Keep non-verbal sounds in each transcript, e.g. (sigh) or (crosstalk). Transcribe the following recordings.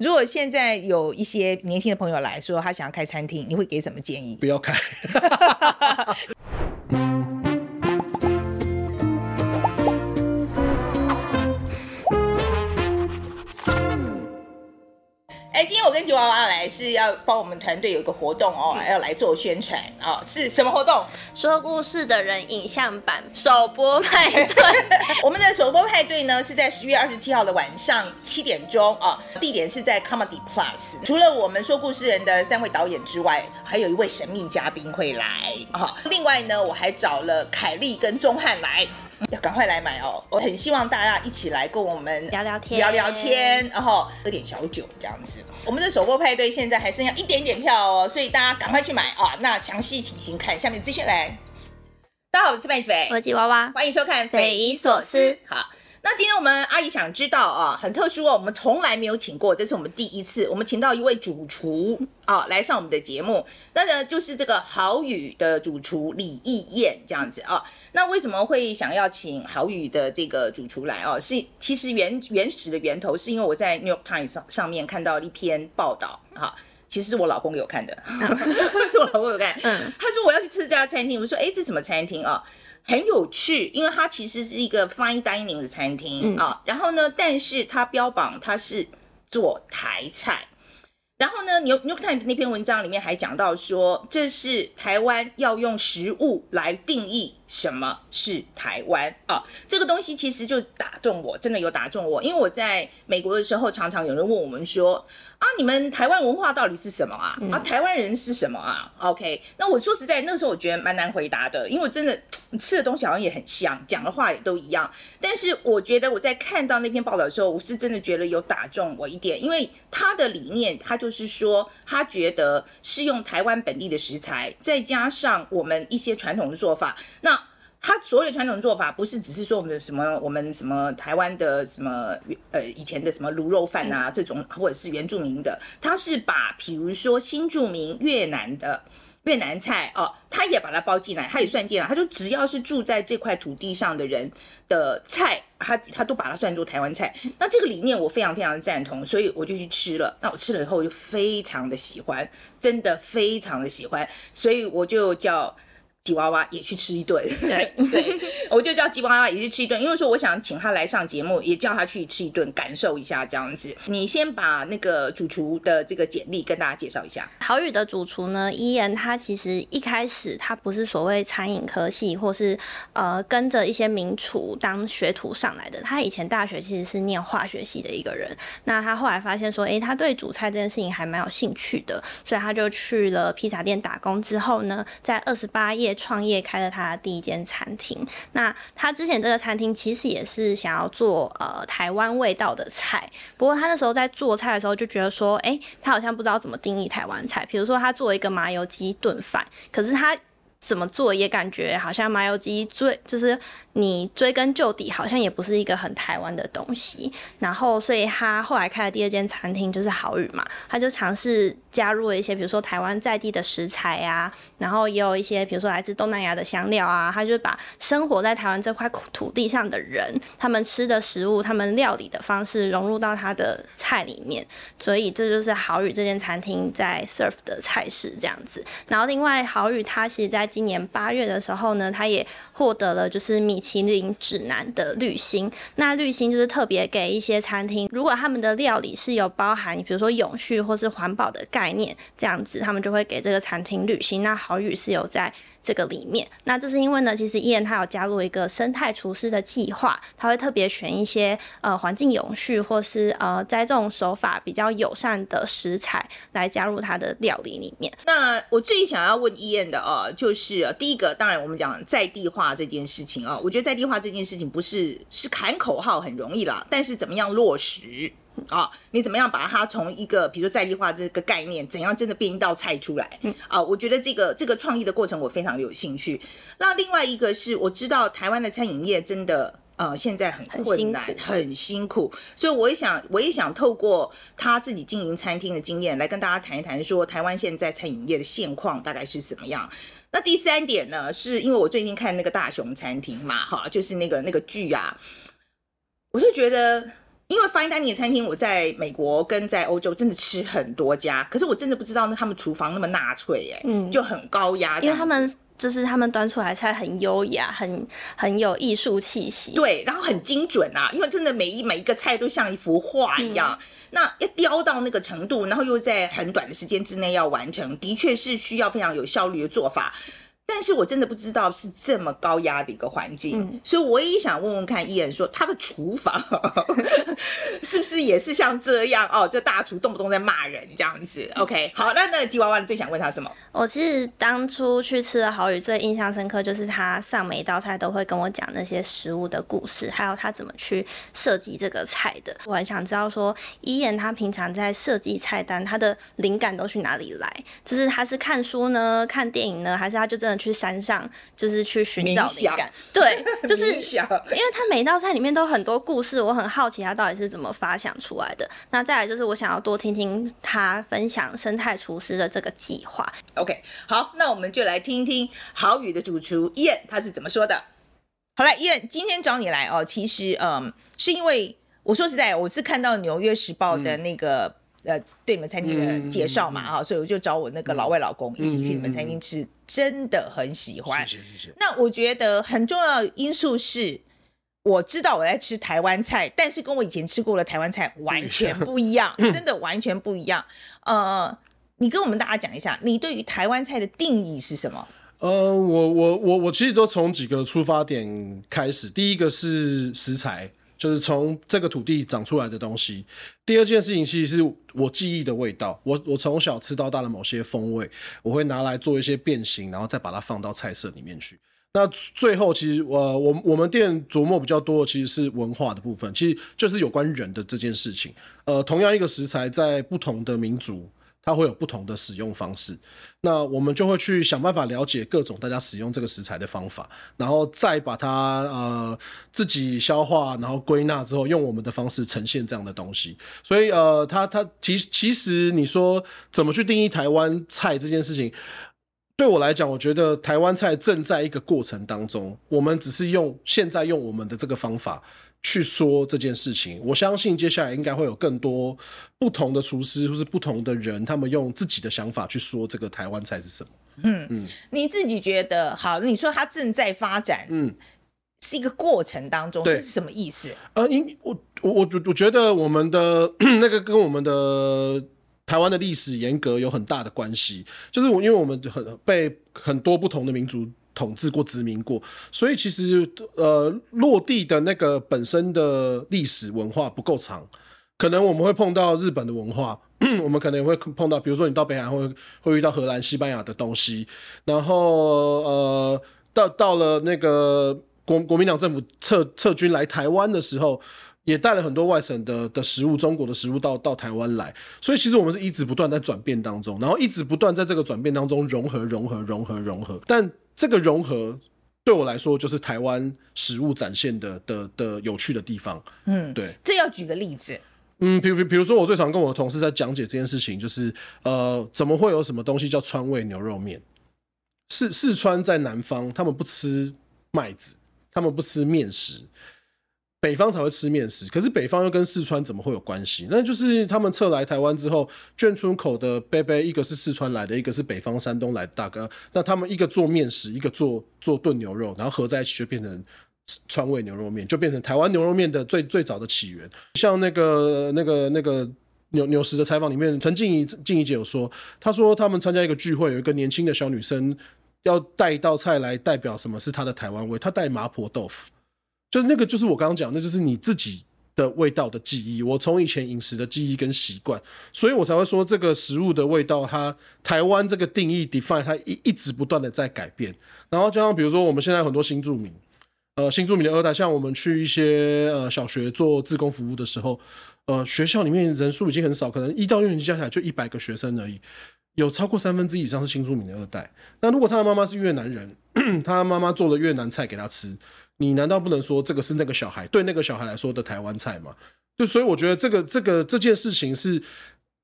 如果現在有一些年輕的朋友來說，他想要開餐廳，你會給什麼建議？不要開。 (laughs) (laughs) 今天我跟吉娃娃來是要幫我們團隊有一個活動哦，嗯、要來做宣傳哦，是什麼活動？說故事的人影像版首播派對。 (laughs) 我們的首播派對呢是在十月二十七號的晚上七點鐘哦，地點是在 Comedy Plus。除了我們說故事人的三位導演之外，還有一位神秘嘉賓會來、哦、另外呢，我還找了凱麗跟鍾漢來。要趕快來買哦、喔！我很希望大家一起來跟我們聊聊天，聊聊天，然後喝點小酒這樣子。我們的首播派對現在還剩下一點點票哦、喔，所以大家趕快去買啊、喔！那詳細情形看下面資訊來。大家好，我是范琪斐，我是吉娃娃，歡迎收看《斐姨所思》。好。那今天我們阿姨想知道啊，很特殊哦，我們從來沒有請過，這是我們第一次，我們請到一位主廚啊來上我們的節目。那呢就是這個好嶼的主廚李易晏這樣子啊。那為什麼會想要請好嶼的這個主廚來哦、啊？是其實原原始的源頭是因為我在《New York Times》上上面看到一篇報道，啊。其實是我老公給我看的， (laughs) (laughs) 是我老公給我看，嗯、他說我要去吃這家餐廳，我說哎、欸，這什麼餐廳啊？很有趣，因為它其實是一個 fine dining 的餐廳、嗯、啊。然後呢，但是它標榜它是做台菜。然後呢，New New York Times 那篇文章裡面還講到說，這是台灣要用食物來定義什麼是台灣啊。這個東西其實就打中我，真的有打中我，因為我在美國的時候，常常有人問我們說。啊，你們台灣文化到底是什麼啊？嗯、啊，台灣人是什麼啊？OK，那我說實在，那時候我覺得蠻難回答的，因為我真的吃的東西好像也很像，講的話也都一樣。但是我覺得我在看到那篇報道的時候，我是真的覺得有打中我一點，因為他的理念，他就是說他覺得是用台灣本地的食材，再加上我們一些傳統的做法，那。他所有的傳統做法，不是只是說我們什麼，我們什麼台灣的什麼，呃，以前的什麼滷肉飯啊，這種或者是原住民的，他是把，比如說新住民越南的越南菜哦，他也把它包進來，他也算進來，他就只要是住在這塊土地上的人的菜，他他都把它算作台灣菜。那這個理念我非常非常的贊同，所以我就去吃了。那我吃了以後就非常的喜歡，真的非常的喜歡，所以我就叫。吉娃娃也去吃一頓。對， (laughs) 我就叫吉娃娃也去吃一頓，因為說我想請他來上節目，也叫他去吃一頓，感受一下這樣子。你先把那個主廚的這個簡歷跟大家介紹一下。好嶼的主廚呢，Ian 他其實一開始他不是所謂餐飲科系，或是呃跟着一些名廚當學徒上來的。他以前大學其實是念化學系的一個人。那他後來發現說，哎、欸，他對煮菜這件事情還蠻有興趣的，所以他就去了披薩店打工之後呢，在二十八頁。創業開了他的第一間餐廳，那他之前這個餐廳其實也是想要做呃台灣味道的菜，不過他那時候在做菜的時候就覺得說，誒、欸，他好像不知道怎麼定義台灣菜。比如說他做一個麻油雞燉飯，可是他怎麼做也感覺好像麻油雞最就是。你追根究底，好像也不是一個很台灣的東西。然後，所以他後來開的第二間餐廳就是好嶼嘛，他就嘗試加入了一些，比如說台灣在地的食材啊，然後也有一些比如說來自東南亞的香料啊，他就把生活在台灣這塊土地上的人他們吃的食物、他們料理的方式融入到他的菜裡面。所以這就是好嶼這間餐廳在 serve 的菜式這樣子。然後，另外好嶼他其實在今年八月的時候呢，他也獲得了就是米。米其林指南的綠星，那綠星就是特別給一些餐廳，如果他們的料理是有包含，比如說永續或是環保的概念這樣子，他們就會給這個餐廳綠星。那好嶼是有在這個裡面，那這是因為呢，其實 Ian 他有加入一個生態廚師的計劃，他會特別選一些呃環境永續或是呃栽種手法比較友善的食材來加入他的料理裡面。那我最想要問 Ian 的哦，就是第一個，當然我們講在地化這件事情啊、哦，我覺得在地化這件事情不是是喊口號很容易啦，但是怎麼樣落實？啊、哦，你怎麼樣把它從一個，比如說在地化這個概念，怎樣真的變一道菜出來？啊、嗯哦，我覺得這個這個創意的過程我非常的有興趣。那另外一個是我知道台灣的餐飲業真的呃現在很困難，很辛苦，很辛苦，所以我也想我也想透過他自己經營餐廳的經驗來跟大家談一談，說台灣現在餐飲業的現況大概是怎麼樣。那第三點呢，是因為我最近看那個大熊餐廳嘛，哈，就是那個那個劇啊，我是覺得。因為 Fine Dining 餐廳，我在美國跟在歐洲真的吃很多家，可是我真的不知道那他們廚房那麼納粹哎、欸，嗯、就很高壓，因為他們就是他們端出來的菜很優雅，很很有藝術氣息，對，然後很精準啊，因為真的每一每一個菜都像一幅畫一樣，嗯、那要雕到那個程度，然後又在很短的時間之內要完成，的確是需要非常有效率的做法。但是我真的不知道是這麼高壓的一個環境，嗯、所以我也想問問看 Ian 說他的廚房 (laughs) 是不是也是像這樣哦？這大廚動不動在罵人這樣子、嗯、？OK，好，那那吉哇哇你最想問他什麼？我其實當初去吃了好嶼，最印象深刻就是他上每一道菜都會跟我講那些食物的故事，還有他怎麼去設計這個菜的。我很想知道說 Ian 他平常在設計菜單，他的靈感都去哪裡來？就是他是看書呢，看電影呢，還是他就真的？去山上，就是去尋找靈感，小對，就是小因為他每道菜裡面都很多故事，我很好奇他到底是怎麼發想出來的。那再來就是我想要多聽聽他分享生態廚師的這個計劃。OK，好，那我們就來聽聽好嶼的主廚 Ian 他是怎麼說的。好了，Ian 今天找你來哦、喔，其實嗯，是因為我說實在，我是看到《紐約時報》的那個。嗯呃、對你們餐廳的介紹嘛，啊、嗯哦，所以我就找我那個老外老公一起去你們餐廳吃，嗯、真的很喜歡。是是是。那我覺得很重要的因素是，我知道我在吃台灣菜，但是跟我以前吃過的台灣菜完全不一樣，啊、真的完全不一樣。嗯、呃，你跟我們大家講一下，你對於台灣菜的定義是什麼？呃，我我我我其實都從幾個出發點開始，第一個是食材。就是從這個土地長出來的東西。第二件事情，其實是我記憶的味道，我我從小吃到大的某些風味，我會拿來做一些變形，然後再把它放到菜色裡面去。那最後，其實，呃，我我我們店琢磨比較多的其實是文化的部分，其實就是有關人的這件事情。呃，同樣一個食材，在不同的民族，它會有不同的使用方式，那我們就會去想辦法了解各種大家使用這個食材的方法，然後再把它呃自己消化，然後歸納之後，用我們的方式呈現這樣的東西。所以呃，它它其其實你說怎麼去定義台灣菜這件事情，對我來講，我覺得台灣菜正在一個過程當中，我們只是用現在用我們的這個方法，去說這件事情，我相信接下來應該會有更多不同的廚師或是不同的人，他們用自己的想法去說這個台灣菜是什麼。嗯嗯，嗯，你自己覺得好？你說它正在發展，嗯，是一個過程當中，這、嗯、是什麼意思？呃，因我我我我覺得我們的那個跟我們的台灣的歷史嚴格有很大的關係，就是我因為我們很被很多不同的民族。統治過、殖民過，所以其實呃，落地的那個本身的歷史文化不夠長，可能我們會碰到日本的文化，我們可能也會碰到，比如說你到北海會會遇到荷蘭、西班牙的東西，然後呃，到到了那個國國民黨政府撤撤軍來台灣的時候，也帶了很多外省的的食物、中國的食物到到台灣來，所以其實我們是一直不斷在轉變當中，然後一直不斷在這個轉變當中融合、融合、融合、融合，但。這個融合對我來說，就是台灣食物展現的的的有趣的地方。嗯，對。這要舉個例子。嗯，比比如說，我最常跟我的同事在講解這件事情，就是呃，怎麼會有什麼東西叫川味牛肉麵？四四川在南方，他們不吃麥子，他們不吃麵食。北方才會吃麵食，可是北方又跟四川怎麼會有關係？那就是他們撤來台灣之後，眷村口的貝貝，一個是四川來的，一個是北方山東來的大哥。那他們一個做麵食，一個做做燉牛肉，然後合在一起就變成川味牛肉麵，就變成台灣牛肉麵的最最早的起源。像那個那個那個牛牛食的採訪裡面，陳靜怡靜怡姐有說，她說他們參加一個聚會，有一個年輕的小女生要帶一道菜來代表什麼是她的台灣味，她帶麻婆豆腐。就那個，就是我剛剛講的，那就是你自己的味道的記憶。我從以前飲食的記憶跟習慣，所以我才會說這個食物的味道它，它台灣這個定義 define 它一一直不斷的在改變。然後加上，比如說我們現在很多新住民，呃，新住民的二代，像我們去一些呃小學做志工服務的時候，呃，學校裡面人數已經很少，可能一到六年級加起來就一百個學生而已，有超過三分之一以上是新住民的二代。那如果他的媽媽是越南人， (coughs) 他媽媽做的越南菜給他吃。你難道不能說這個是那個小孩，對那個小孩來說的台灣菜嗎？就所以我覺得這個這個這件事情是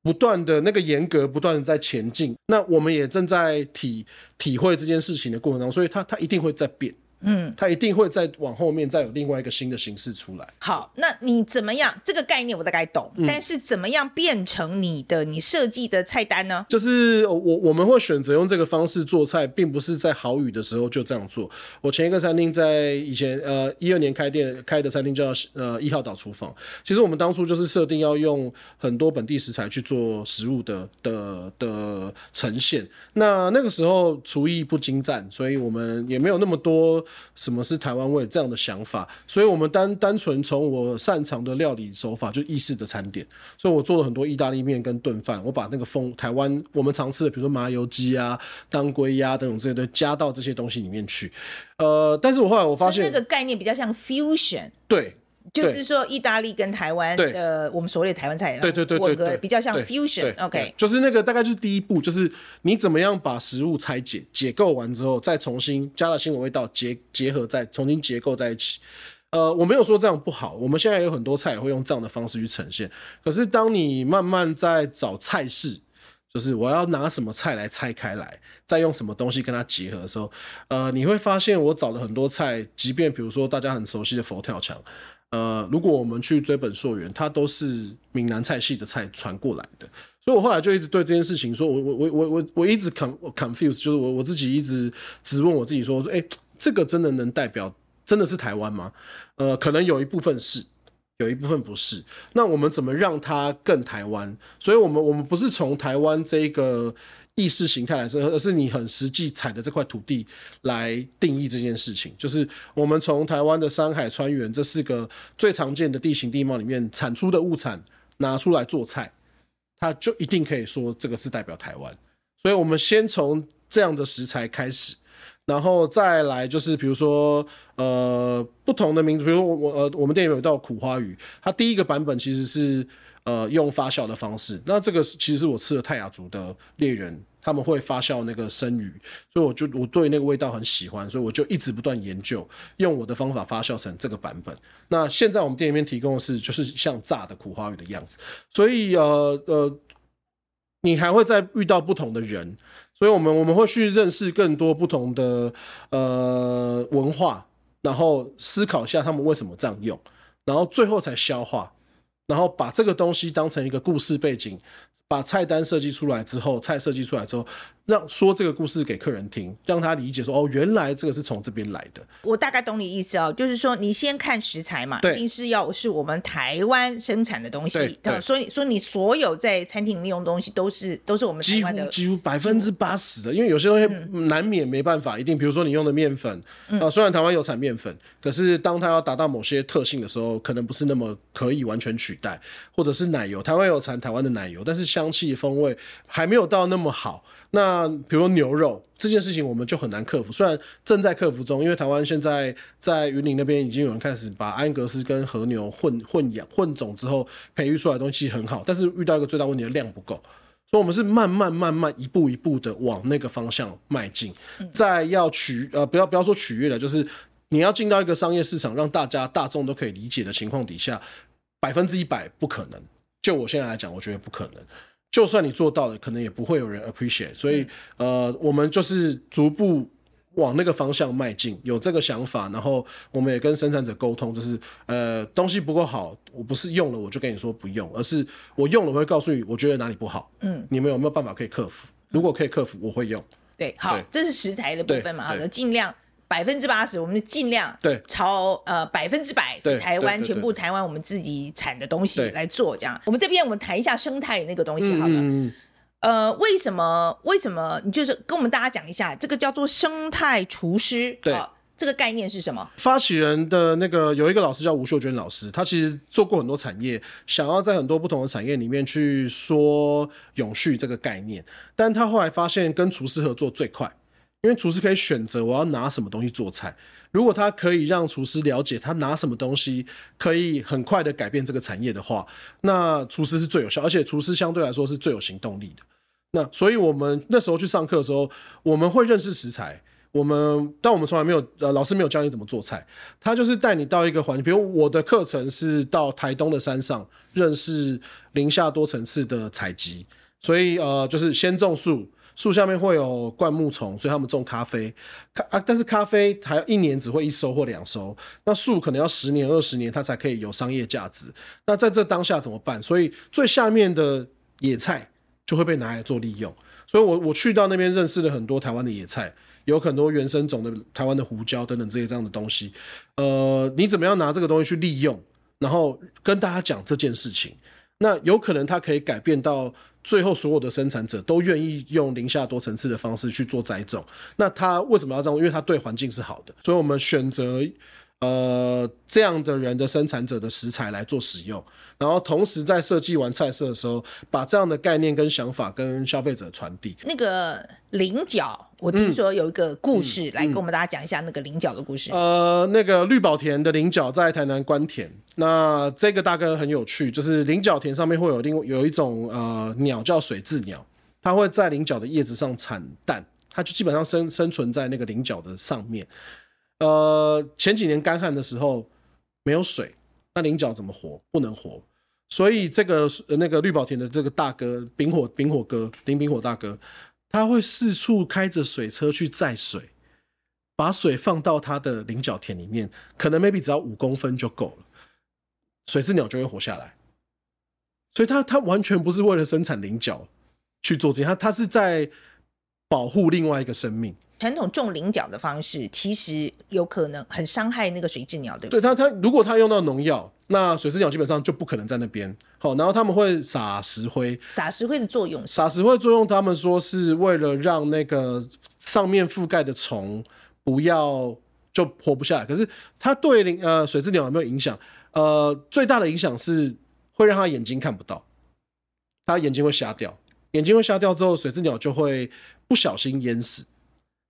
不斷的那個嚴格，不斷的在前進。那我們也正在體體會這件事情的過程當中，所以它它一定會在變。嗯，他一定會再往後面再有另外一個新的形式出來。好，那你怎麼樣？這個概念我大概懂，嗯，但是怎麼樣變成你的你設計的菜單呢？就是我我們會選擇用這個方式做菜，並不是在好嶼的時候就這樣做。我前一個餐廳在以前呃一二年開店開的餐廳叫呃一號島廚房，其實我們當初就是設定要用很多本地食材去做食物的的的呈現。那那個時候廚藝不精湛，所以我們也沒有那麼多什麼是台灣味這樣的想法，所以我們單單純從我擅長的料理手法，就意式的餐點，所以我做了很多意大利麵跟燉飯，我把那個風台灣我們常吃的，比如說麻油雞啊、當歸呀、啊、等等這些，都加到這些東西裡面去。呃，但是我後來我發現，那個概念比較像 fusion。對。就是說，意大利跟台灣的，我們所謂的台灣菜，對對對對，混合比較像 fusion，OK，Okay 就是那個大概就是第一步，就是你怎麼樣把食物拆解、解構完之後，再重新加了新的味道結結合在，再重新結構在一起。呃，我沒有說這樣不好，我們現在有很多菜也會用這樣的方式去呈現。可是當你慢慢在找菜式，就是我要拿什麼菜來拆開來，再用什麼東西跟它結合的時候，呃，你會發現我找的很多菜，即便比如說大家很熟悉的佛跳牆。呃，如果我們去追本溯源，它都是閩南菜系的菜傳過來的，所以我後來就一直對這件事情說，我我我我我我一直 confuse 就是我我自己一直質問我自己說，說、欸、哎，這個真的能代表真的是台灣嗎？呃，可能有一部分是，有一部分不是，那我們怎麼讓它更台灣？所以我們我們不是從台灣這一個，意識形態來說，而是你很實際踩的這塊土地來定義這件事情。就是我們從台灣的山海川原這四個最常見的地形地貌裡面產出的物產拿出來做菜，它就一定可以說這個是代表台灣。所以我們先從這樣的食材開始，然後再來就是比如說呃不同的民族，比如說我我呃我們店裡有一道苦花魚，它第一個版本其實是呃用發酵的方式，那這個其實是我吃了泰雅族的獵人。他們會發酵那個生魚，所以我就我對那個味道很喜歡，所以我就一直不斷研究，用我的方法發酵成這個版本。那現在我們店裡面提供的是，就是像炸的苦花魚的樣子。所以呃呃，你還會再遇到不同的人，所以我們我們會去認識更多不同的呃文化，然後思考一下他們為什麼這樣用，然後最後才消化，然後把這個東西當成一個故事背景。把菜單設計出來之後，菜設計出來之後。讓說這個故事給客人聽，讓他理解說哦，原來這個是從這邊來的。我大概懂你意思啊、哦，就是說你先看食材嘛，對一定是要是我們台灣生產的東西。對、嗯所，所以說你所有在餐廳裡面用東西都是都是我們台灣的，幾乎百分之八十的。因為有些東西難免沒辦法、嗯、一定，比如說你用的麵粉啊、呃，雖然台灣有產麵粉，可是當它要達到某些特性的時候，可能不是那麼可以完全取代，或者是奶油，台灣有產台灣的奶油，但是香氣風味還沒有到那麼好。那，比如牛肉這件事情，我們就很難克服。雖然正在克服中，因為台灣現在在雲林那邊已經有人開始把安格斯跟和牛混混養、混種之後培育出來的東西很好，但是遇到一個最大問題，的量不夠。所以，我們是慢慢、慢慢、一步一步的往那個方向邁進。嗯，再要取呃，不要不要說取悅了，就是你要進到一個商業市場，讓大家大眾都可以理解的情況底下，百分之一百不可能。就我現在來講，我覺得不可能。就算你做到了，可能也不會有人 appreciate。所以，嗯、呃，我們就是逐步往那個方向邁進，有這個想法。然後，我們也跟生產者溝通，就是呃，東西不夠好，我不是用了我就跟你說不用，而是我用了我會告訴你，我覺得哪裡不好。嗯，你們有沒有辦法可以克服？如果可以克服，我會用。嗯、對，好，對這是食材的部分嘛？好的，盡量。百分之八十，我們就盡量朝對呃，百分之百是台灣，對對對，全部台灣我們自己產的東西來做。這樣，對我們這邊我們談一下生態那個東西好了。嗯、呃，為什麼？為什麼？你就是跟我們大家講一下，這個叫做生態廚師，對、呃，這個概念是什麼？發起人的那個有一個老師叫吳秀娟老師，他其實做過很多產業，想要在很多不同的產業裡面去說永續這個概念，但他後來發現跟廚師合作最快。因為廚師可以選擇我要拿什麼東西做菜。如果他可以讓廚師了解他拿什麼東西可以很快的改變這個產業的話，那廚師是最有效，而且廚師相對來說是最有行動力的。那所以我們那時候去上課的時候，我們會認識食材，我們但我們從來沒有呃，老師沒有教你怎麼做菜，他就是帶你到一個環境，比如我的課程是到台東的山上認識林下多層次的採集，所以呃，就是先種樹。樹下面會有灌木叢，所以他們種咖啡、咖啊，但是咖啡還，一年只會一收或兩收，那樹可能要十年、二十年它才可以有商業價值。那在這當下怎麼辦？所以最下面的野菜就會被拿來做利用。所以我，我我去到那邊認識了很多台灣的野菜，有很多原生種的台灣的胡椒等等這些這樣的東西。呃，你怎麼樣拿這個東西去利用？然後跟大家講這件事情。那有可能它可以改變到最後，所有的生產者都願意用零下多層次的方式去做栽種。那它為什麼要這樣？因為它對環境是好的，所以我們選擇呃這樣的人的生產者的食材來做使用。然後同時在設計完菜色的時候，把這樣的概念跟想法跟消費者傳遞。那個菱角，我聽說有一個故事，嗯嗯嗯、來跟我們大家講一下那個菱角的故事。呃，那個綠寶田的菱角在台南官田。那這個大哥很有趣，就是菱角田上面會有另有一種呃鳥叫水雉鳥，它會在菱角的葉子上產蛋，它就基本上生生存在那個菱角的上面。呃，前幾年乾旱的時候沒有水，那菱角怎麼活？不能活。所以這個那個綠保田的這個大哥丙火丙火哥，林丙火大哥，他會四處開着水車去載水，把水放到他的菱角田裡面，可能 maybe 只要五公分就夠了。水雉鳥就會活下來，所以它它完全不是為了生產菱角去做這些，它它是在保護另外一個生命。傳統種菱角的方式其實有可能很傷害那個水雉鳥，對不對？對，它它如果它用到農藥，那水雉鳥基本上就不可能在那邊。好、喔，然後他們會撒石灰，撒石，石灰的作用，撒石灰的作用，他們說是為了讓那個上面覆蓋的蟲不要就活不下來。可是它對菱呃水雉鳥有沒有影響？呃，最大的影響是會讓他眼睛看不到，他眼睛會瞎掉，眼睛會瞎掉之後，水雉鳥就會不小心淹死。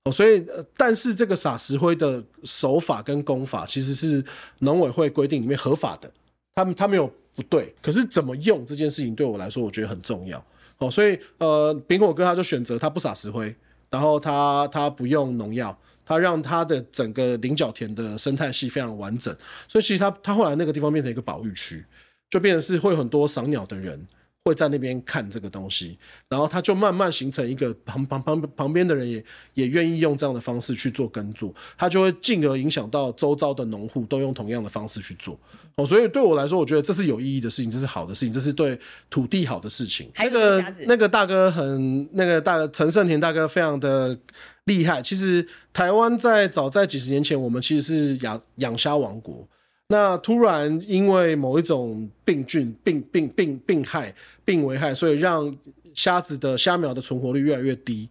哦，所以，呃，但是這個撒石灰的手法跟工法其實是農委會規定裡面合法的，他們他沒有不對，可是怎麼用這件事情對我來說，我覺得很重要。哦，所以呃，蘋果哥他就選擇他不撒石灰。然後他他不用農藥，他讓他的整個菱角田的生態系非常完整，所以其實他他後來那個地方變成一個保育區，就變成是會有很多賞鳥的人。會在那邊看這個東西，然後他就慢慢形成一個旁旁旁旁、旁邊的人也也願意用這樣的方式去做耕作，他就會進而影響到周遭的農戶都用同樣的方式去做。嗯、哦，所以對我來說，我覺得這是有意義的事情，這是好的事情，這是對土地好的事情。那個那個大哥很那個大陳勝田大哥非常的厲害。其實台灣在早在幾十年前，我們其實是養養蝦王國。那突然因為某一種病菌、病病病病害、病危害，所以讓蝦子的蝦苗的存活率越來越低。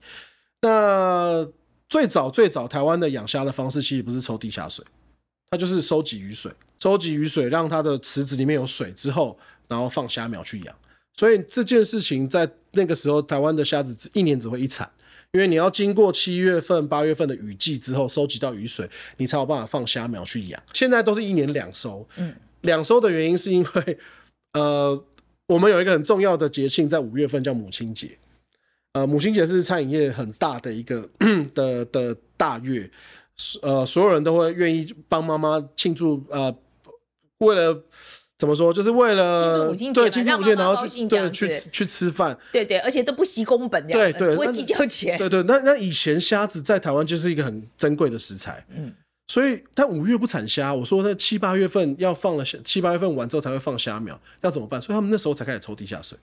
那最早最早，台灣的養蝦的方式其實不是抽地下水，它就是收集雨水，收集雨水，讓它的池子裡面有水之後，然後放蝦苗去養。所以這件事情在那個時候，台灣的蝦子只一年只會一產。因為你要經過七月份、八月份的雨季之後，收集到雨水，你才有辦法放蝦苗去養。現在都是一年兩收，嗯，兩收的原因是因為，呃，我們有一個很重要的節慶在五月份，叫母親節，呃，母親節是餐飲業很大的一個 (coughs) 的，的大月，呃，所有人都會願意幫媽媽慶祝，呃，為了。怎麼說？就是為了慶祝母親節對，今天五親然後去對去去吃飯，對對，而且都不惜工本這樣的，對對，不會計較錢，對對。那那以前蝦子在台灣就是一個很珍貴的食材，嗯，所以他五月不產蝦，我說那七八月份要放了，七八月份完之後才會放蝦苗，要怎麼辦？所以他們那時候才開始抽地下水。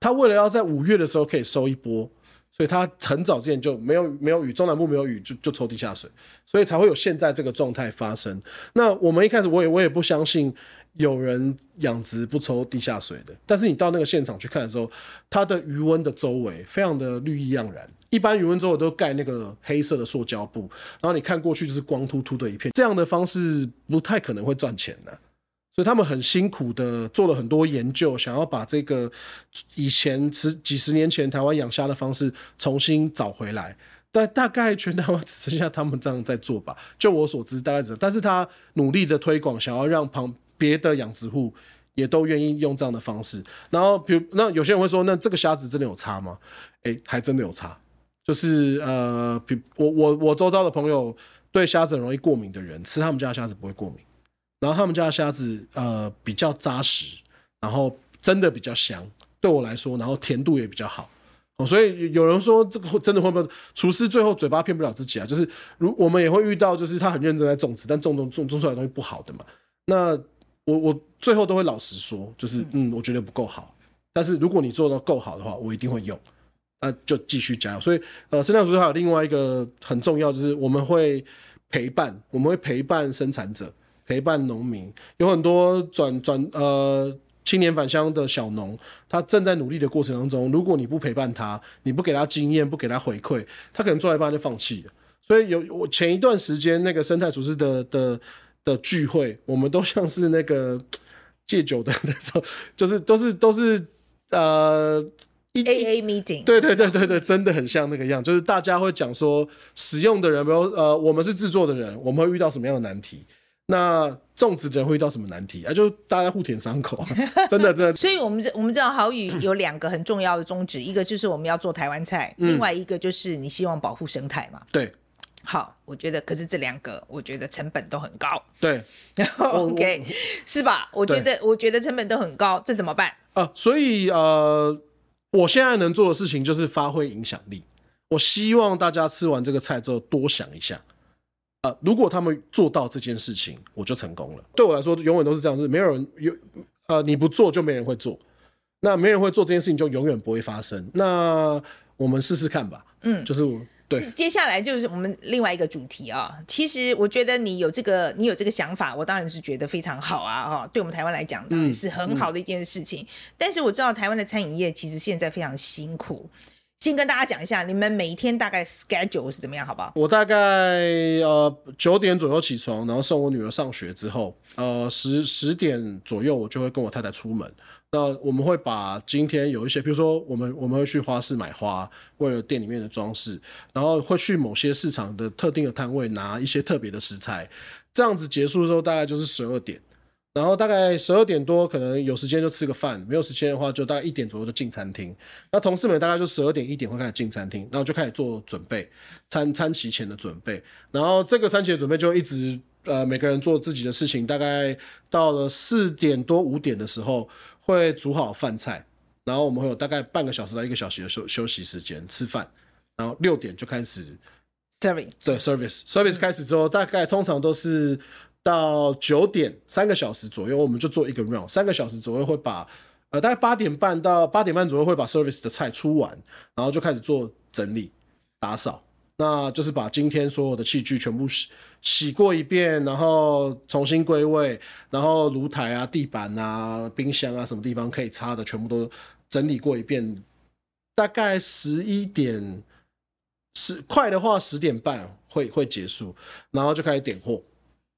他為了要在五月的時候可以收一波，所以他很早之前就沒有沒有雨，中南部沒有雨就就抽地下水，所以才會有現在這個狀態發生。那我們一開始我也我也不相信。有人養殖不抽地下水的，但是你到那個現場去看的時候，它的魚塭的周圍非常的綠意盎然。一般魚塭周圍都蓋那個黑色的塑膠布，然後你看過去就是光禿禿的一片。這樣的方式不太可能會賺錢的，啊，所以他們很辛苦的做了很多研究，想要把這個以前十幾十年前台灣養蝦的方式重新找回來。但大概全台灣只剩下他們這樣在做吧。就我所知，大概只，但是他努力的推廣，想要讓旁。別的養殖戶也都願意用這樣的方式，然後，比如那有些人會說，那這個蝦子真的有差嗎？誒，還真的有差，就是呃，比我我我周遭的朋友對蝦子很容易過敏的人，吃他們家的蝦子不會過敏，然後他們家的蝦子呃比較扎實，然後真的比較香，對我來說，然後甜度也比較好，哦，所以有人說這個真的會不會廚師最後嘴巴騙不了自己啊？就是如我們也會遇到，就是他很認真在種植，但種種種種出來的東西不好的嘛，那。我我最後都會老實說，就是嗯，我覺得不夠好。但是如果你做到夠好的話，我一定會用，那、呃、就繼續加油。所以，呃，生態廚師還有另外一個很重要，就是我們會陪伴，我們會陪伴生產者，陪伴農民。有很多轉轉呃青年返鄉的小農，他正在努力的過程當中。如果你不陪伴他，你不給他經驗，不給他回饋，他可能做一半就放棄了。所以有我前一段時間那個生態廚師的的，的的聚會，我們都像是那個戒酒的那種，就是都是都是呃，AA meeting，對對對對對，真的很像那個樣，就是大家會講說，使用的人比如，呃，我們是製作的人，我們會遇到什麼樣的難題？那種植的人會遇到什麼難題？啊、呃，就大家互舔傷口，真的真的。 (laughs) 所以，我們我們知道，好嶼有兩個很重要的宗旨， (coughs) 一個就是我們要做台灣菜，嗯、另外一個就是你希望保護生態嘛？對。好，我覺得可是這兩個，我覺得成本都很高。對，然後，OK， (laughs) 是吧？我覺得對我覺得成本都很高，這怎麼辦？啊、呃，所以呃，我現在能做的事情就是發揮影響力。我希望大家吃完這個菜之後多想一下。呃，如果他們做到這件事情，我就成功了。對我來說，永遠都是這樣子，是沒有人有呃，你不做就沒人會做，那沒人會做這件事情就永遠不會發生。那我們試試看吧。嗯，就是我。對，接下來就是我們另外一個主題啊、喔。其實我覺得你有這個，你有這個想法，我當然是覺得非常好啊！哈、喔，對我們台灣來講，當然是很好的一件事情。嗯嗯、但是我知道台灣的餐飲業其實現在非常辛苦。先跟大家講一下，你們每天大概 schedule 是怎麼樣，好不好？我大概呃九點左右起床，然後送我女兒上學之後，呃十十點左右我就會跟我太太出門。那我們會把今天有一些，比如說我們我們會去花市買花，為了店裡面的裝飾，然後會去某些市場的特定的攤位拿一些特別的食材。這樣子結束的時候大概就是十二點，然後大概十二點多可能有時間就吃個飯，沒有時間的話就大概一點左右就進餐廳。那同事們大概就十二點一點會開始進餐廳，然後就開始做準備，餐，餐期前的準備。然後這個餐前準備就一直呃每個人做自己的事情，大概到了四點多五點的時候，會煮好飯菜，然後我們會有大概半個小時到一個小時的休休息時間吃飯，然後六點就開始 service，對 service service 開始之後，大概通常都是到九點三個小時左右，我們就做一個 round，三個小時左右會把呃大概八點半到八點半左右會把 service 的菜出完，然後就開始做整理打掃。那就是把今天所有的器具全部洗洗過一遍，然後重新歸位，然後爐台啊、地板啊、冰箱啊，什麼地方可以擦的全部都整理過一遍。大概十一點十快的話，十點半會會結束，然後就開始點貨，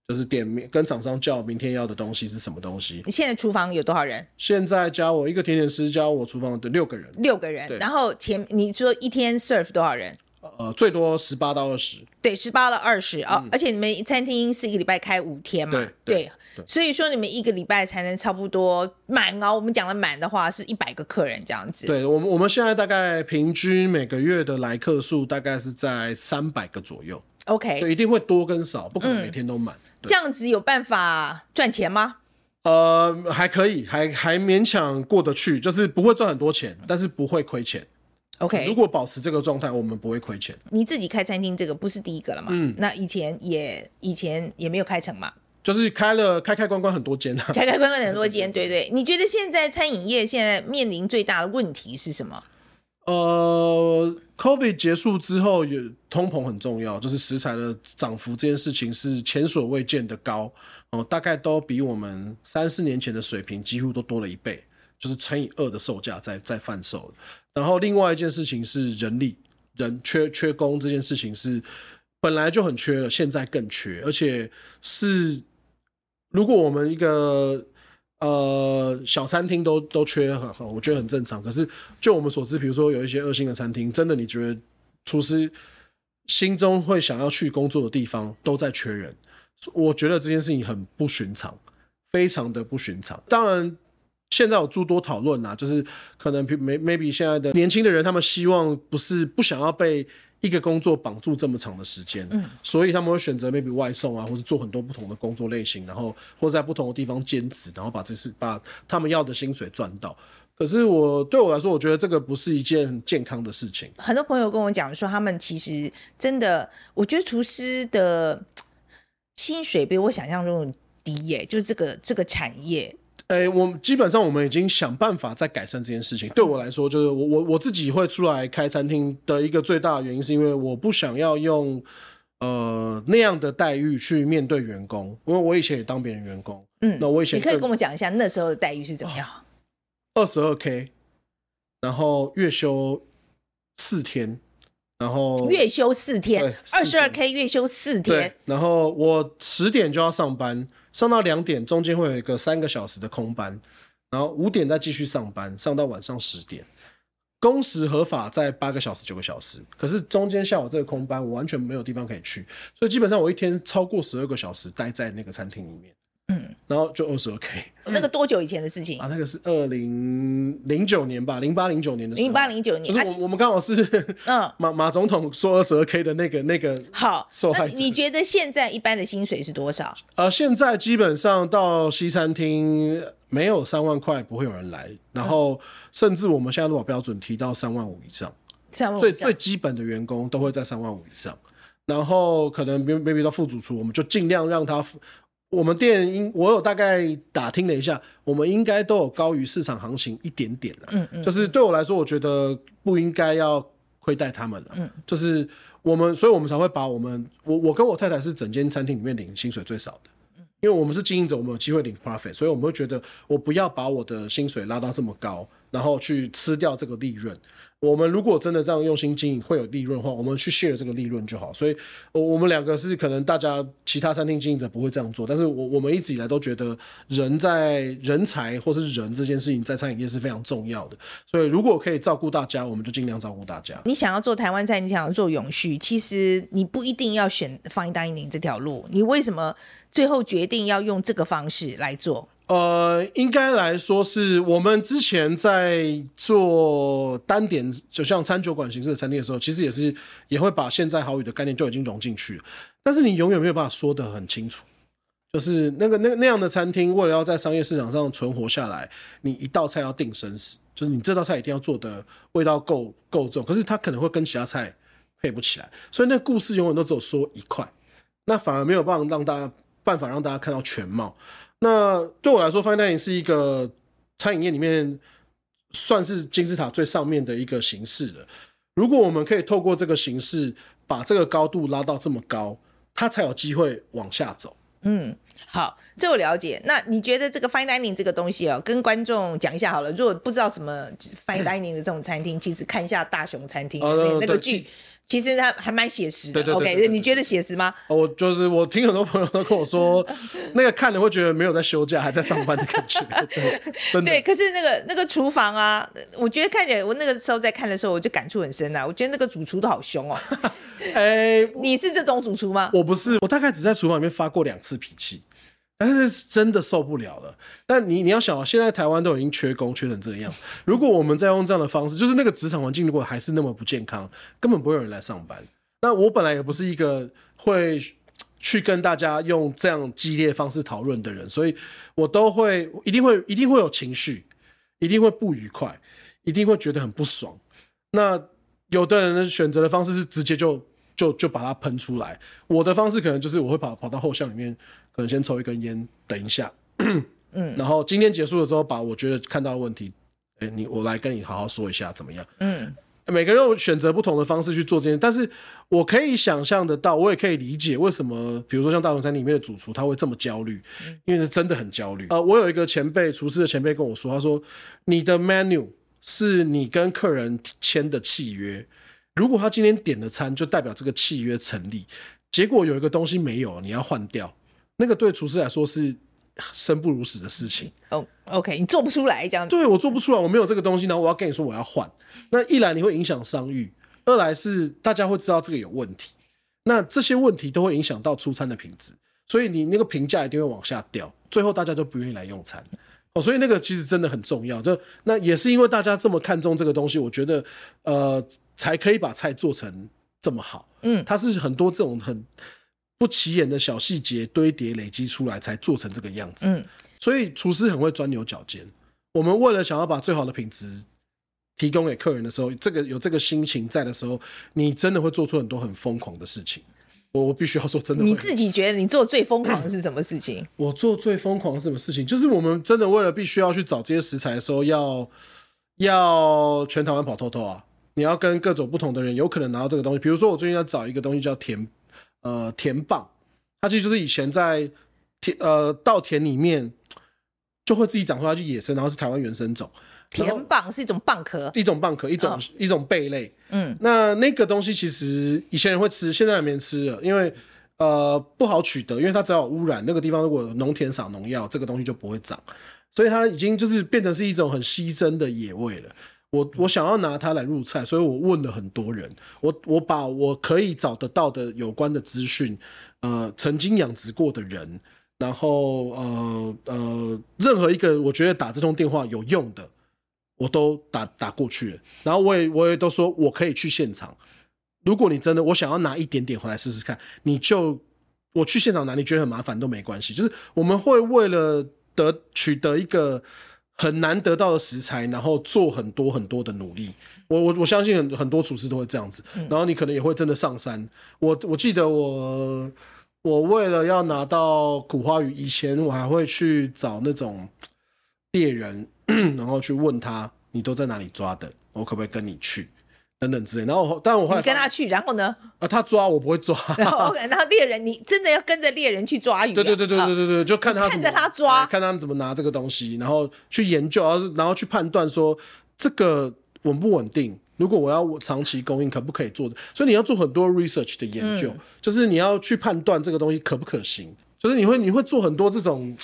就是點跟廠商叫明天要的東西是什麼東西。你現在廚房有多少人？現在加我一個甜點師，加我廚房的六個人，六個人。個人對然後前你說一天 serve 多少人？呃，最多十八到二十，對，十八到二十啊，而且你們餐廳是一個禮拜開五天嘛，對，對對，所以說你們一個禮拜才能差不多滿啊。我們講的滿的話，是一百個客人這樣子。對，我們，我們現在大概平均每個月的來客數大概是在三百個左右。OK，對，一定會多跟少，不可能每天都滿。嗯、對這樣子有辦法賺錢嗎？呃，還可以，還還勉強過得去，就是不會賺很多錢，但是不會虧錢。OK，如果保持這個狀態，我們不會虧錢。你自己開餐廳，這個不是第一個了嘛？嗯，那以前也以前也沒有開成嘛？就是開了開開關關很多間啊，開開關關很多間，對對。對對對，你覺得現在餐飲業現在面臨最大的問題是什麼？呃，COVID 結束之後，有通膨很重要，就是食材的漲幅這件事情是前所未見的高，呃，大概都比我們三四年前的水平幾乎都多了一倍，就是乘以二的售價在在販售。然後，另外一件事情是人力，人缺、缺工這件事情是本來就很缺了，現在更缺，而且是如果我們一個呃小餐廳都都缺很好，我覺得很正常。可是就我們所知，比如說有一些惡性的餐廳，真的你覺得廚師心中會想要去工作的地方都在缺人，我覺得這件事情很不尋常，非常的不尋常。當然。現在有諸多討論啊，就是可能 maybe maybe 現在的年輕的人，他們希望不是不想要被一個工作綁住這麼長的時間，嗯，所以他們會選擇 maybe 外送啊，或是做很多不同的工作類型，然後或在不同的地方兼職，然後把這是把他們要的薪水賺到。可是我對我來說，我覺得這個不是一件很健康的事情。很多朋友跟我講說，他們其實真的，我覺得廚師的薪水比我想象中低耶，就是這個這個產業。哎、欸，我基本上，我們已經想辦法在改善這件事情。對我來說，就是我我我自己會出來開餐廳的一個最大的原因，是因為我不想要用呃那樣的待遇去面對員工，因為我以前也當別人員工。嗯，那我以前22，你可以跟我講一下那時候的待遇是怎麼樣？二十二 K，然後月休四天，然後月休四天，二十二 K 月休四天，然後我十點就要上班，上到兩點，中間會有一個三個小時的空班，然後五點再繼續上班，上到晚上十點，工時合法在八個小時，九個小時，可是中間下午這個空班，我完全沒有地方可以去，所以基本上我一天超過十二個小時待在那個餐廳裡面。然後就二十二 K，那個多久以前的事情啊？那個是二零零九年吧，零八零九年的時候。零八零九年，是啊、我我們剛好是嗯馬馬總統說二十二 K 的那個那個受害。好，那你覺得現在一般的薪水是多少？呃，現在基本上到西餐廳沒有三萬塊不會有人來，嗯、然後甚至我們現在如果標準提到萬三萬五以上，最最基本的員工都會在三萬五以上，然後可能沒沒到副主廚，我們就盡量讓他。我們店應我有大概打聽了一下，我們應該都有高於市場行情一點點的，嗯。嗯嗯，就是對我來說，我覺得不應該要虧待他們了。嗯，就是我們，所以我們才會把我們我我跟我太太是整間餐廳裡面領薪水最少的。因為我們是經營者，我們有機會領 profit，所以我們會覺得我不要把我的薪水拉到這麼高，然後去吃掉這個利潤。我們如果真的這樣用心經營，會有利潤的話，我們去 share 這個利潤就好。所以，我我們兩個是可能大家其他餐廳經營者不會這樣做，但是我我們一直以來都覺得人在人才或是人這件事情在餐飲業，業是非常重要的。所以，如果可以照顧大家，我們就盡量照顧大家。你想要做台灣菜，你想要做永續，其實你不一定要選放一單一 d 這條路。你為什麼最後決定要用這個方式來做？呃，應該來說是我們之前在做單點，就像餐酒館形式的餐廳的時候，其實也是也會把現在好嶼的概念，就已經融進去。但是你永遠沒有辦法說得很清楚，就是那個那那樣的餐廳，為了要在商業市場上存活下來，你一道菜要定生死，就是你這道菜一定要做得味道夠夠重，可是它可能會跟其他菜配不起來，所以那故事永遠都只有說一塊，那反而沒有辦法讓大家辦法讓大家看到全貌。那對我來說，fine dining 是一個餐飲業裡面算是金字塔最上面的一個形式的。如果我們可以透過這個形式，把這個高度拉到這麼高，它才有機會往下走。嗯，好，這我了解。那你覺得這個 fine dining 這個東西哦，跟觀眾講一下好了。如果不知道什麼 fine dining 的這種餐廳，嗯、其實看一下《大熊餐廳》oh, no, no, no, 那個劇。其實他還蠻寫實的，對對對，OK？你覺得寫實嗎？我就是我聽很多朋友都跟我說， (laughs) 那個看了會覺得沒有在休假， (laughs) 還在上班的感覺。對，對可是那個那個廚房啊，我覺得看起來，我那個時候在看的時候，我就感觸很深啊。我覺得那個主廚都好凶哦。哎、 (laughs) 欸，你是這種主廚嗎？我，我不是，我大概只在廚房裡面發過兩次脾氣。但是真的受不了了。但你你要想，現在台灣都已經缺工，缺成這個樣。如果我們再用這樣的方式，就是那個職場環境如果還是那麼不健康，根本不會有人來上班。那我本來也不是一個會去跟大家用這樣激烈方式討論的人，所以我都會一定會一定會有情緒，一定會不愉快，一定會覺得很不爽。那有的人選擇的方式是直接就就就把它噴出來，我的方式可能就是我會跑跑到後巷裡面。先抽一根煙，等一下。 (coughs) 然後今天結束的時候，把我覺得看到的問題，哎、欸，你我來跟你好好說一下，怎麼樣？嗯，每個人我選擇不同的方式去做這件，但是我可以想象得到，我也可以理解為什麼，比如說像大熊餐廳裡面的主廚他會這麼焦慮，嗯、因為真的很焦慮。呃，我有一個前輩，廚師的前輩跟我說，他說：“你的 menu 是你跟客人簽的契約，如果他今天點的餐就代表這個契約成立，結果有一個東西沒有，你要換掉。”那個對廚師來說是生不如死的事情、oh, OK，你做不出來這樣子。對，我做不出來，我沒有這個東西呢。然後我要跟你說，我要換。那一來，你會影響商譽；二來是大家會知道這個有問題。那這些問題都會影響到出餐的品質，所以你那個評價一定會往下掉。最後大家都不願意來用餐哦。所以那個其實真的很重要。就那也是因為大家這麼看重這個東西，我覺得呃，才可以把菜做成這麼好。嗯，它是很多這種很。不起眼的小細節堆疊累積出來才做成這個樣子。嗯，所以廚師很會鑽牛角尖。我們為了想要把最好的品質提供給客人的時候，這個有這個心情在的時候，你真的會做出很多很瘋狂的事情。我我必須要說真的。你自己覺得你做最瘋狂的是什麼事情？我做最瘋狂是什麼事情？就是我們真的為了必須要去找這些食材的時候，要要全台灣跑透透啊！你要跟各種不同的人，有可能拿到這個東西。比如說，我最近要找一個東西叫甜。呃，田蚌，它其實就是以前在田呃稻田裡面就會自己長出來，就野生，然後是台灣原生種。田蚌是一種蚌殼，一種蚌殼，哦、一種一種貝類。嗯，那那個東西其實以前人會吃，現在還沒人吃了，因為呃不好取得，因為它只要有污染，那個地方如果農田灑農藥，這個東西就不會長，所以它已經就是變成是一種很稀珍的野味了。我我想要拿它來入菜，所以我問了很多人，我我把我可以找得到的有關的資訊，呃，曾經養殖過的人，然後呃呃，任何一個我覺得打這通電話有用的，我都打打過去了。然後我也我也都說我可以去現場。如果你真的我想要拿一點點回來試試看，你就我去現場拿，你覺得很麻煩都沒關係，就是我們會為了得取得一個。很難得到的食材，然後做很多很多的努力。我我我相信很很多廚師都會這樣子。然後你可能也會真的上山。我我記得我我為了要拿到苦花魚，以前我還會去找那種獵人， (coughs) 然後去問他，你都在哪裡抓的，我可不可以跟你去？等等之類，然後我，但我會你跟他去，然後呢？啊，他抓我不會抓。 (laughs) (laughs) (laughs) (laughs) (laughs) 然後獵人，你真的要跟着獵人去抓魚？對對對對對對，對好就看他看着他抓，哎，看他怎麼拿這個東西，然後去研究，然後然後去判斷說這個穩不穩定。如果我要長期供應，可不可以做？所以你要做很多 research 的研究，嗯、就是你要去判斷這個東西可不可行，就是你會你會做很多這種，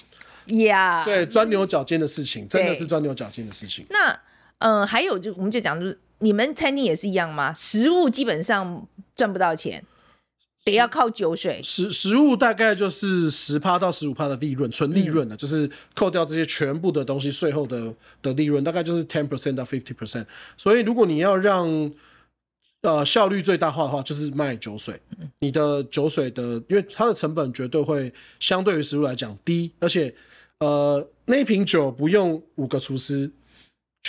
呀，Yeah, 對，鑽牛角尖的事情，嗯、真的是鑽牛角尖的事情。對那。嗯，還有就我們就講，就是你們餐廳也是一樣嗎？食物基本上賺不到錢，得要靠酒水。食食物大概就是十趴到十五趴的利潤，純利潤呢，嗯、就是扣掉這些全部的東西，稅後的的利潤大概就是 ten percent 到 fifty percent。所以如果你要讓呃效率最大化的話，就是賣酒水。你的酒水的，因為它的成本絕對會相對於食物來講低，而且呃那一瓶酒不用五個廚師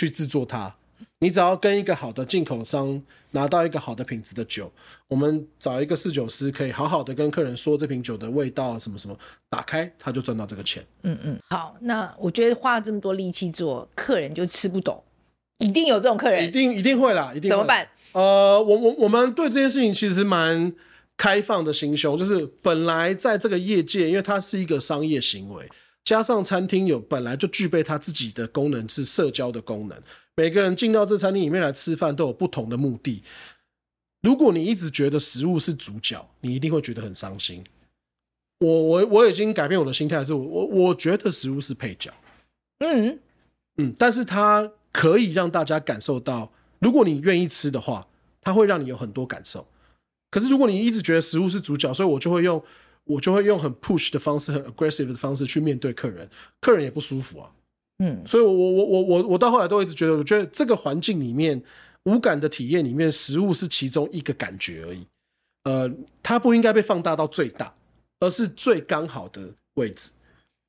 去製作它，你只要跟一個好的進口商拿到一個好的品質的酒，我們找一個侍酒師，可以好好的跟客人說這瓶酒的味道什麼什麼，打開他就賺到這個錢。嗯嗯，好，那我覺得花了這麼多力氣做，客人就吃不懂，一定有這種客人，一定一定會啦，一定會怎麼辦？呃，我我我們對這件事情其實蠻開放的心胸，就是本來在這個業界，因為它是一個商業行為。加上餐廳有本來就具備它自己的功能，是社交的功能，每個人進到這餐廳裡面來吃飯都有不同的目的。如果你一直覺得食物是主角，你一定會覺得很傷心。我我我已經改變我的心態，是我我，我覺得食物是配角，嗯嗯，但是它可以讓大家感受到，如果你願意吃的話，它會讓你有很多感受。可是如果你一直覺得食物是主角，所以我就會用。我就會用很 push 的方式，很 aggressive 的方式去面對客人，客人也不舒服啊。嗯，所以我，我我我我我我到後來都一直覺得，我覺得這個環境裡面，無感的體驗裡面，食物是其中一個感覺而已。呃，它不應該被放大到最大，而是最剛好的位置，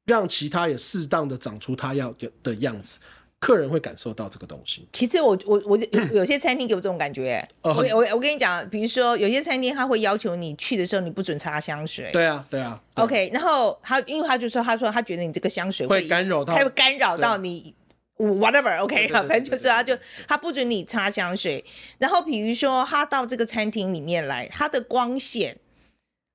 讓其他也適當的長出它要的的樣子。客人會感受到這個東西。其實我我我有 (coughs) 有些餐廳給我這種感覺。我我我跟你講，比如說有些餐廳他會要求你去的時候，你不准擦香水。對啊對啊。對啊對 OK，然後他因為他就說他說他覺得你這個香水會，會干擾到，他會干擾到你、啊、whatever OK 反正就是他就他不准你擦香水。然後比如說他到這個餐廳裡面來，他的光線，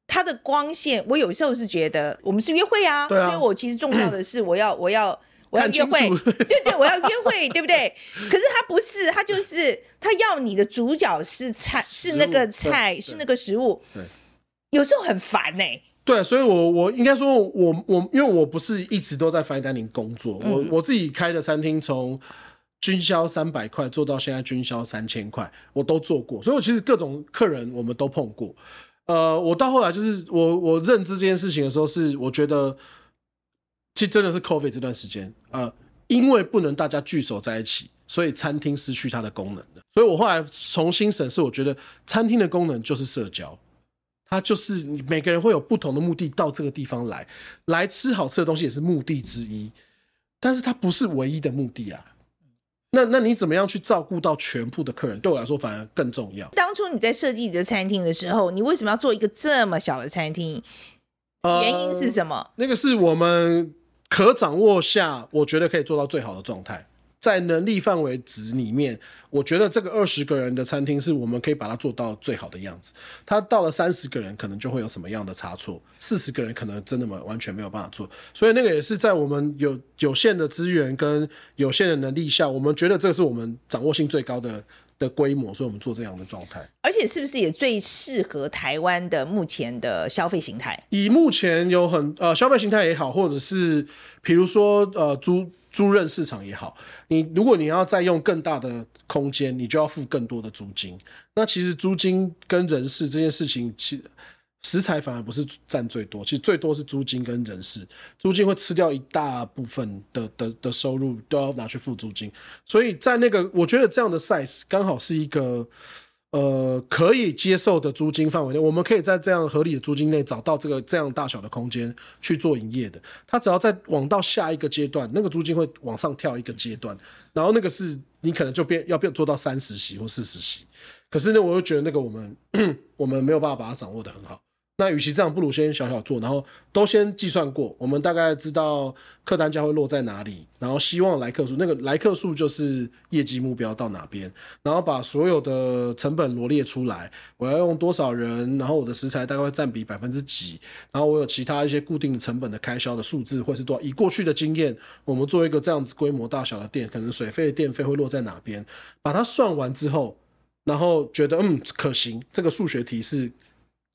他的光線，我有時候是覺得我們是約會啊，因為、啊、我其實重要的是我要我要。 (coughs) 我要約會對，對對， (laughs) 我要約會，對不對？可是他不是，他就是他要你的主角是菜，克是那個菜，對是那個食物。對，對有時候很煩呢、欸。對，所以我，我應該，我應該說，我我因為我不是一直都在 Fine Dining 工作，嗯、我我自己開的餐廳從均消三百塊做到現在均消三千塊，我都做過，所以，我其實各種客人我們都碰過。呃，我到後來就是我我認知這件事情的時候，是我覺得。其實真的是 COVID 這段時間，呃，因為不能大家聚首在一起，所以餐廳失去它的功能的。所以我後來重新審視，我覺得餐廳的功能就是社交，它就是每個人會有不同的目的到這個地方來，來吃好吃的東西也是目的之一，但是它不是唯一的目的啊。那那你怎麼樣去照顧到全部的客人？對我來說反而更重要。當初你在設計你的餐廳的時候，你為什麼要做一個這麼小的餐廳？原因是什麼？呃，那個是我們。可掌握下，我覺得可以做到最好的狀態，在能力範圍值裡面，我覺得這個二十個人的餐廳是我們可以把它做到最好的樣子。它到了三十個人，可能就會有什麼樣的差錯；四十個人，可能真的麼完全沒有辦法做。所以那個也是在我們有有限的資源跟有限的能力下，我們覺得這是我們掌握性最高的的規模，所以我們做這樣的狀態，而且是不是也最適合台灣的目前的消費形態？以目前有很呃消費形態也好，或者是比如說呃租租賃市場也好，你如果你要再用更大的空間，你就要付更多的租金。那其實租金跟人事這件事情，其。食材反而不是佔最多，其實最多是租金跟人事，租金會吃掉一大部分的的的收入，都要拿去付租金。所以在那個，我覺得這樣的 size 剛好是一個呃可以接受的租金範圍內，我們可以在這樣合理的租金內找到這個這樣大小的空間去做營業的。它只要再往到下一個階段，那個租金會往上跳一個階段，然後那個是你可能就變要變做到三十席或四十席。可是呢，我又覺得那個我們我們沒有辦法把它掌握得很好。那與其這樣，不如先小小做，然後都先計算過。我們大概知道客單價會落在哪裡，然後希望來客數，那個來客數就是業績目標到哪邊，然後把所有的成本羅列出來，我要用多少人，然後我的食材大概會占比百分之幾，然後我有其他一些固定成本的開銷的數字會是多少？以過去的經驗，我們做一個這樣子規模大小的店，可能水費、電費會落在哪邊？把它算完之後，然後覺得嗯可行，這個數學題是。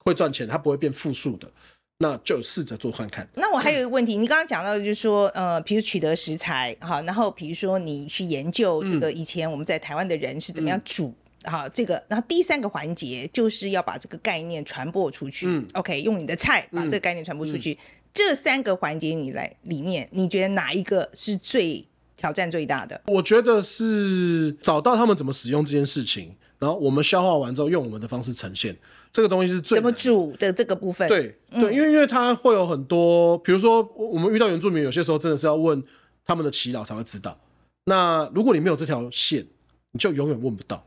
會賺錢，它不會變複數的，那就試着做看看。那我還有一個問題，嗯、你剛剛講到的就是說，呃，比如取得食材，哈，然後比如說你去研究這個以前我們在台灣的人是怎麼樣煮，哈、嗯，這個，然後第三個環節就是要把這個概念傳播出去。嗯、OK，用你的菜把這個概念傳播出去，嗯、這三個環節你來裡面，你覺得哪一個是最挑戰最大的？我覺得是找到他們怎麼使用這件事情。然後我們消化完之後，用我們的方式呈現這個東西是最難的。怎麼煮的這個部分。對對，因為、嗯、因為它會有很多，比如說我們遇到原住民，有些時候真的是要問他們的耆老才會知道。那如果你沒有這條線，你就永遠問不到，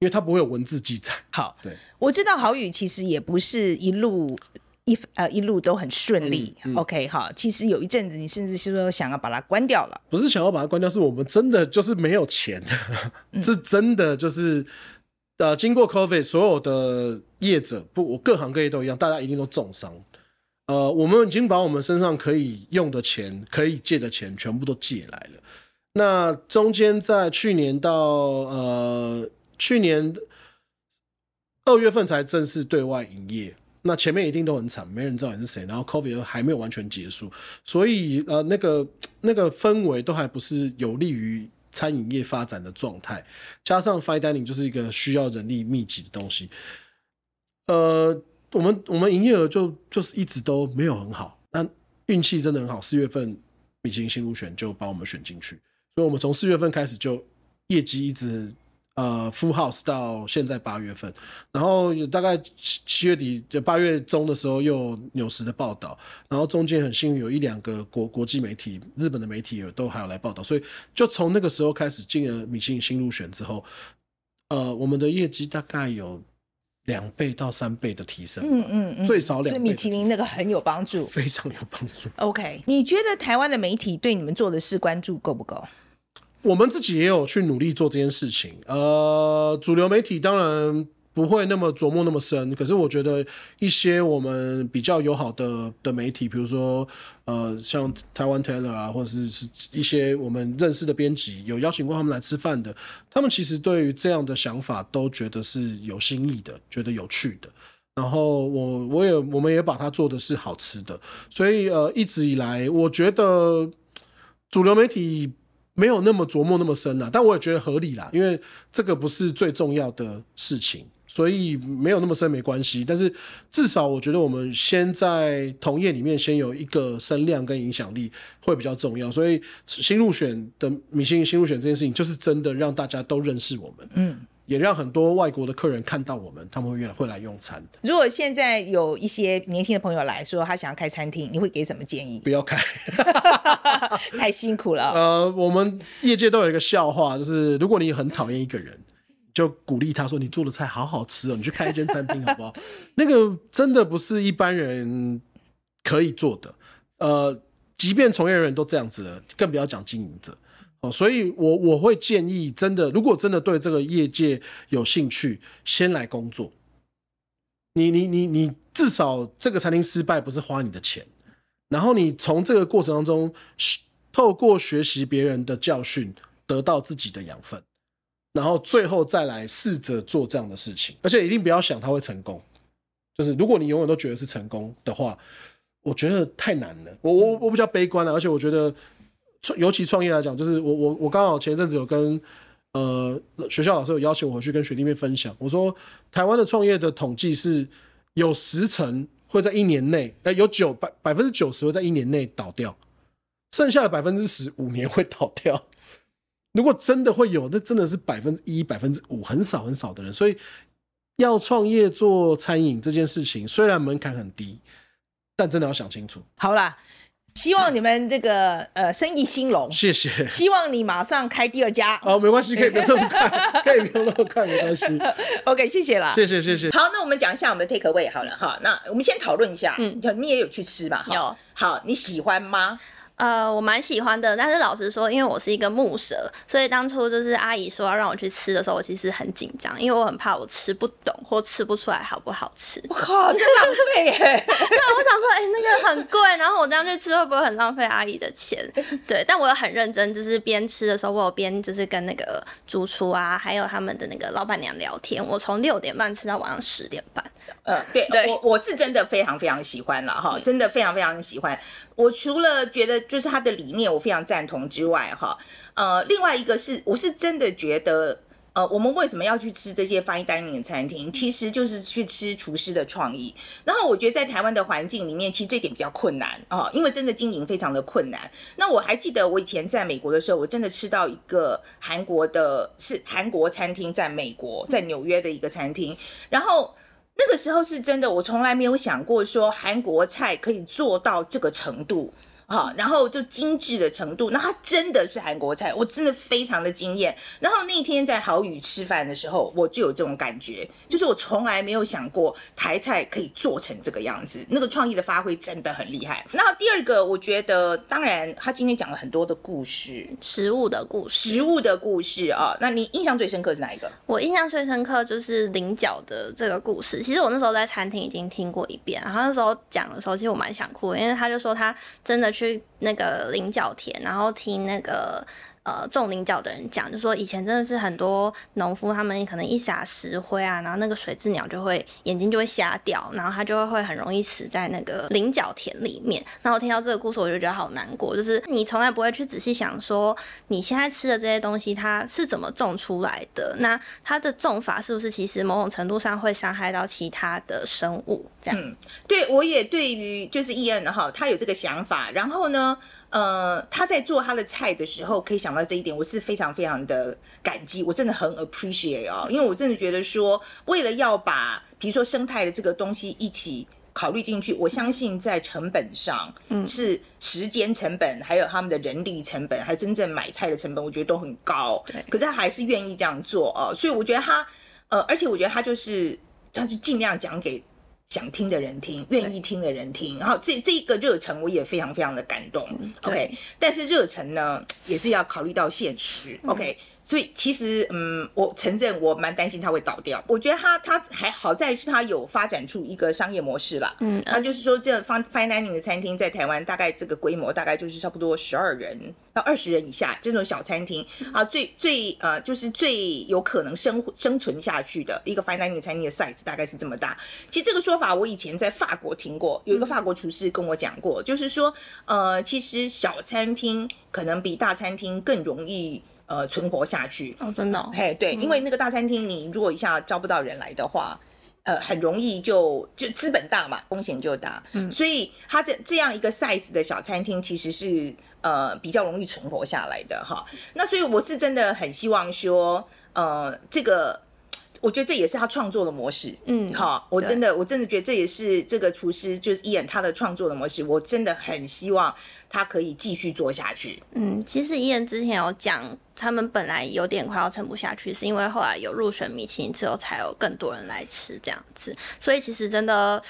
因為它不會有文字記載。好，對，我知道好嶼其實也不是一路。一呃一路都很順利、嗯嗯、，OK 好。其實有一陣子，你甚至是不是想要把它關掉了，不是想要把它關掉，是我們真的就是沒有錢，是 (laughs) 真的就是、嗯、呃，經過 COVID，所有的業者不，我各行各業都一樣，大家一定都重傷。呃，我們已經把我們身上可以用的錢，可以借的錢，全部都借來了。那中間在去年到呃去年二月份才正式對外營業。那前面一定都很慘，沒人知道你是誰。然後 COVID 還沒有完全結束，所以呃，那個那個氛圍都還不是有利於餐飲業發展的狀態。加上 fine dining 就是一個需要人力密集的東西，呃，我們我們營業額就就是一直都沒有很好。那運氣真的很好，四月份米其林入選就把我們選進去，所以我們從四月份開始就業績一直。呃，Full House 到現在八月份，然後有大概七七月底，就八月中的時候，又有紐時的報道，然後中間很幸運有一兩個國國際媒體，日本的媒體也都還有來報道，所以就從那個時候開始，進了米其林新入選之後，呃，我們的業績大概有兩倍到三倍的提升，嗯，嗯嗯，最少兩倍的提升。所以米其林那個很有幫助，非常有幫助。OK，你覺得台灣的媒體對你們做的事關注夠不夠？我們自己也有去努力做這件事情。呃，主流媒體當然不會那麼琢磨那麼深，可是我覺得一些我們比較友好的的媒體，比如說呃，像台灣 Taylor 啊，或者是是一些我們認識的編輯，有邀請過他們來吃飯的，他們其實對於這樣的想法都覺得是有新意的，覺得有趣的。然後我我也我們也把它做的是好吃的，所以呃，一直以來我覺得主流媒體。沒有那麼琢磨那麼深啦，啊，但我也覺得合理啦，因為這個不是最重要的事情，所以沒有那麼深沒關係。但是至少我覺得我們先在同業裡面先有一個聲量跟影響力會比較重要，所以新入選的明星，新入選這件事情就是真的讓大家都認識我們。嗯。也讓很多外國的客人看到我們，他們會越來會來用餐的。如果現在有一些年輕的朋友來說，他想要開餐廳，你會給什麼建議？不要開 (laughs) ， (laughs) 太辛苦了。呃，我們業界都有一個笑話，就是如果你很討厭一個人， (laughs) 就鼓勵他說你做的菜好好吃哦，喔，你去開一間餐廳好不好？ (laughs) 那個真的不是一般人可以做的。呃，即便從業人都這樣子了，更不要講經營者。所以我，我我會建議，真的，如果真的對這個業界有興趣，先來工作。你你你你，至少這個餐廳失敗不是花你的錢，然後你從這個過程當中，透過學習別人的教訓，得到自己的養分，然後最後再來試着做這樣的事情。而且一定不要想他會成功，就是如果你永遠都覺得是成功的話，我覺得太難了。我我我比較悲觀了啊，而且我覺得。尤其創業來講，就是我我我剛好前一陣子有跟呃學校老師有邀請我回去跟學弟妹分享，我說，台灣的創業的統計是有十成會在一年內，有九百百分之九十會在一年內倒掉，剩下的百分之十五年會倒掉。如果真的會有，那真的是百分之一百分之五，很少很少的人。所以要創業做餐飲這件事情，雖然門檻很低，但真的要想清楚。好啦。希望你們這個、嗯、呃生意興隆，謝謝。希望你馬上開第二家。哦，沒關係，可以不用看， (laughs) 可以不用那麼看，沒關係。 (laughs) OK，謝謝啦。謝謝，謝謝。好，那我們講一下我們的 take away 好了哈。那我們先討論一下，嗯，你也有去吃吧？好、嗯、好，你喜歡嗎？呃，我蠻喜歡的，但是老實說，因為我是一個木蛇，所以當初就是阿姨說要讓我去吃的時候，我其實很緊張，因為我很怕我吃不懂或吃不出來好不好吃。我靠，真浪費耶！ (laughs) 對，我想說，哎、欸，那個很貴，然後我這樣去吃會不會很浪費阿姨的錢？對，但我有很認真，就是邊吃的時候，我有邊就是跟那個主廚啊，還有他們的那個老闆娘聊天。我從六點半吃到晚上十點半。呃，對，對我我是真的非常非常喜歡了哈，真的非常非常喜歡。嗯、我除了覺得。就是他的理念，我非常贊同之外哈，呃，另外一個是，我是真的覺得，呃，我們為什麼要去吃這些 Fine Dining 的餐廳？其實就是去吃廚師的創意。然後我覺得，在台灣的環境裡面，其實這一點比較困難啊、呃，因為真的經營非常的困難。那我還記得我以前在美國的時候，我真的吃到一個韓國的，是韓國餐廳，在美國，在紐約的一個餐廳。嗯、然後那個時候是真的，我從來沒有想過說韓國菜可以做到這個程度。好、哦，然後就精緻的程度，那它真的是韓國菜，我真的非常的驚豔。然後那天在好嶼吃飯的時候，我就有這種感覺，就是我從來沒有想過台菜可以做成這個樣子，那個創意的發揮真的很厲害。然後第二個，我覺得當然他今天講了很多的故事，食物的故事，食物的故事啊、哦。那你印象最深刻是哪一個？我印象最深刻就是菱角的這個故事。其實我那時候在餐廳已經聽過一遍，然後那時候講的時候，其實我蠻想哭，因為他就說他真的。去那個菱角田，然後聽那個。呃，種菱角的人講，就是、說以前真的是很多農夫，他們可能一撒石灰啊，然後那個水雉鳥就會眼睛就會瞎掉，然後它就會很容易死在那個菱角田裡面。那我聽到這個故事，我就覺得好難過。就是你從來不會去仔細想說，你現在吃的這些東西它是怎麼種出來的？那它的種法是不是其實某種程度上會傷害到其他的生物？這樣，嗯、對我也對於就是 Ian 的哈，他有這個想法，然後呢，呃，他在做他的菜的時候，可以想到這一點，我是非常非常的感激，我真的很 appreciate 哦，因為我真的覺得說，為了要把，比如說生態的這個東西一起考慮進去，我相信在成本上，嗯，是時間成本，還有他們的人力成本，還真正買菜的成本，我覺得都很高，對。可是他還是願意這樣做哦，所以我覺得他，呃，而且我覺得他就是，他就盡量講給。想聽的人聽，願意聽的人聽，對然後這這一個熱忱我也非常非常的感動、嗯、，OK。但是熱忱呢，也是要考慮到現實、嗯、，OK。所以其實，嗯，我承認我蠻擔心它會倒掉。我覺得它它還好在是它有發展出一個商業模式了。嗯，它、啊、就是說，這 fine dining 的餐廳在台灣大概這個規模，大概就是差不多十二人到二十人以下這種小餐廳、嗯、啊，最最呃就是最有可能生生存下去的一個 fine dining 餐廳的 size 大概是這麼大。其實這個說法我以前在法國聽過，有一個法國廚師跟我講過，嗯、就是說，呃，其實小餐廳可能比大餐廳更容易。呃，存活下去哦，真的，哦，嘿，對，因為那個大餐廳，你如果一下招不到人來的話，嗯、呃，很容易就就資本大嘛，風險就大，嗯，所以它這這樣一個 size 的小餐廳，其實是呃比較容易存活下來的哈。那所以我是真的很希望說，呃，這個。我覺得這也是他創作的模式，嗯，好，我真的對我真的覺得這也是這個廚師就是 Ian 他的創作的模式，我真的很希望他可以繼續做下去。嗯，其實 Ian 之前有講，他們本來有點快要撐不下去，是因為後來有入選米其林之後，才有更多人來吃這樣子，所以其實真的。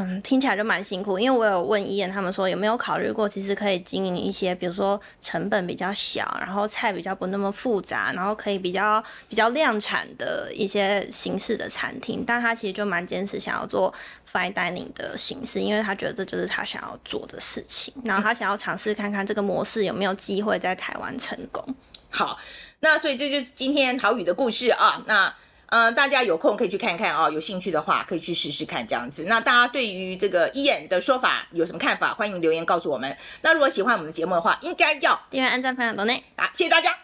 嗯，聽起來就蠻辛苦，因為我有問 Ian，他們說有沒有考慮過，其實可以經營一些，比如說成本比較小，然後菜比較不那麼複雜，然後可以比較比較量產的一些形式的餐廳。但他其實就蠻堅持想要做 fine dining 的形式，因為他覺得這就是他想要做的事情。然後他想要嘗試看看這個模式有沒有機會在台灣成功。好，那所以這就是今天陶宇的故事啊。那。嗯、呃，大家有空可以去看看哦，有興趣的話可以去試試看這樣子。那大家對於這個 Ian 的說法有什麼看法？歡迎留言告訴我們。那如果喜歡我們的節目的話，應該要訂閱、按讚、分享、多內。啊，謝謝大家。